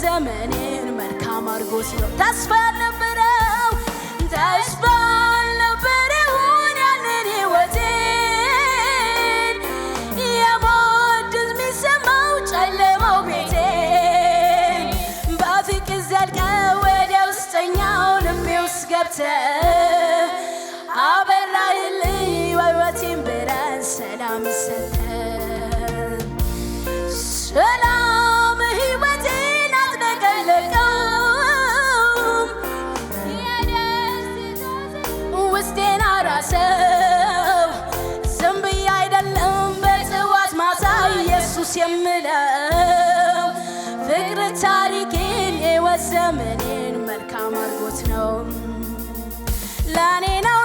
ዘመኔን መልካም አድርጎ ሲለው ተስፋ ያልነበረው ተስፋ ያልነበረውን ያንን ሕይወቴን የሚሰማው ጨለማው ቤቴን በፍቅር ዘልቀህ ወደ ውስጠኛው ልቤ ውስጥ ኢየሱስ የምለው ፍቅር ታሪኬን ሕይወት መልካም አድርጎት ነው ለእኔ ነው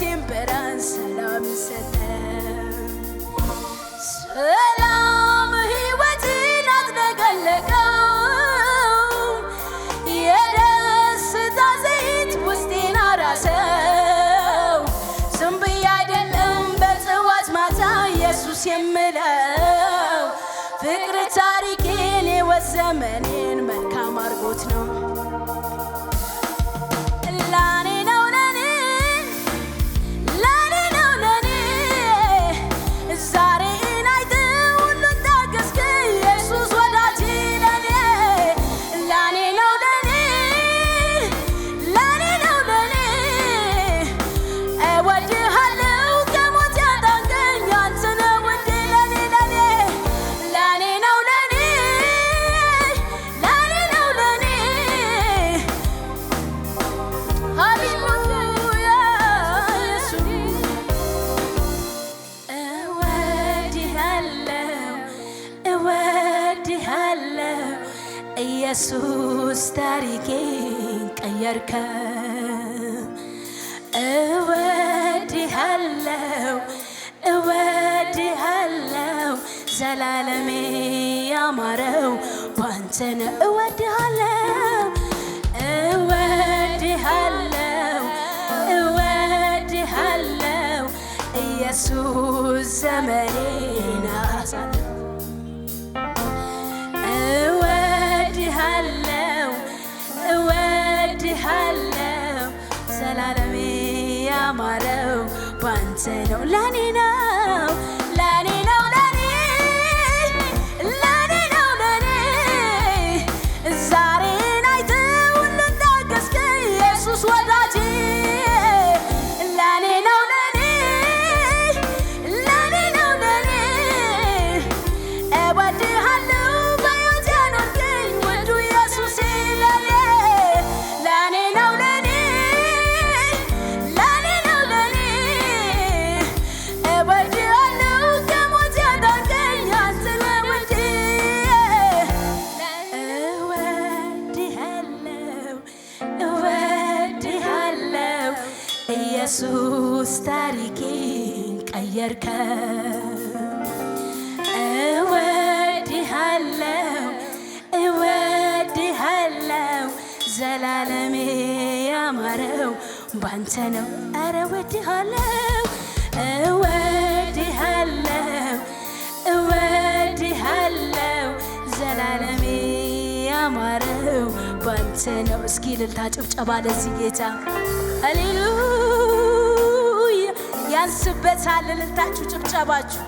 ቴምበራን ሰላም ሰጠን። ሰላም ህይወትን አጥለቀለቀው፣ የደስታ ዘይት ውስጤን አራሰው። ዝም ብዬ አይደለም በጥዋት ማታ ኢየሱስ የምለው ፍቅር ታሪክ ኢየሱስ ታሪኬን ቀየርከው። እወድሃለው እወድሃለው ዘላለሜ ያማረው ባንተ ነው። እወድሃለው እወድሃለው እወድሃለው ኢየሱስ ዘመኔን አሳለ ያማረው ባንተ ነው ለኔ ኢየሱስ ታሪኬን ቀየርከው። እወድሃለው እወድሃለው ዘላለሜ ያማረው ባንተ ነው። አረ እወድሃለው እወድሃለው እወድሃለው ዘላለሜ ያማረው ባንተ ነው። እስኪ ልልታ ጭብጨባ ለዚህ ጌታ ሃሌሉያ ያንስበታል። ልልታችሁ ጭብጨባችሁ